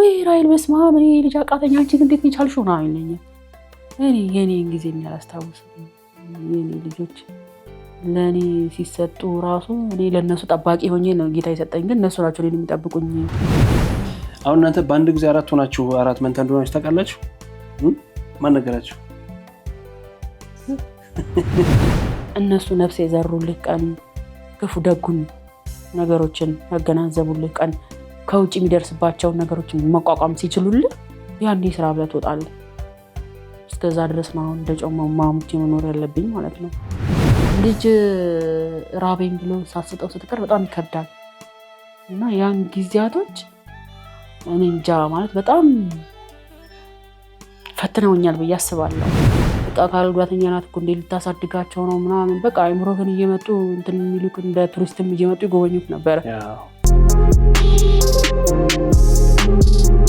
ወይ ራይል በስማ ምን ልጅ አቃተኛ አንቺ እንዴት ይቻልሽ ሆና ይለኛል። እኔ የኔን ጊዜ የሚያስታውሱ የኔ ልጆች ለእኔ ሲሰጡ ራሱ እኔ ለእነሱ ጠባቂ ሆኜ ነው ጌታ የሰጠኝ፣ ግን እነሱ ናቸው እኔን የሚጠብቁኝ። አሁን እናንተ በአንድ ጊዜ አራት ሆናችሁ አራት መንታ እንደሆናችሁ ታውቃላችሁ። ማን ነገራችሁ? እነሱ ነፍስ የዘሩልህ ቀን፣ ክፉ ደጉን ነገሮችን ያገናዘቡልህ ቀን ከውጭ የሚደርስባቸውን ነገሮች መቋቋም ሲችሉልን ያኔ ስራ ብለህ ትወጣለህ። እስከዛ ድረስ ነው አሁን እንደ ጮማ ማሙቼ መኖር ያለብኝ ማለት ነው። ልጅ ራቤን ብሎ ሳስጠው ስትቀር በጣም ይከብዳል እና ያን ጊዜያቶች እኔ እንጃ ማለት በጣም ፈትነውኛል ብዬ አስባለሁ። በቃ አካል ጉዳተኛ ናት እኮ ልታሳድጋቸው ነው ምናምን በቃ አይምሮ ግን እየመጡ እንትን የሚሉክ እንደ ቱሪስትም እየመጡ ይጎበኙት ነበረ።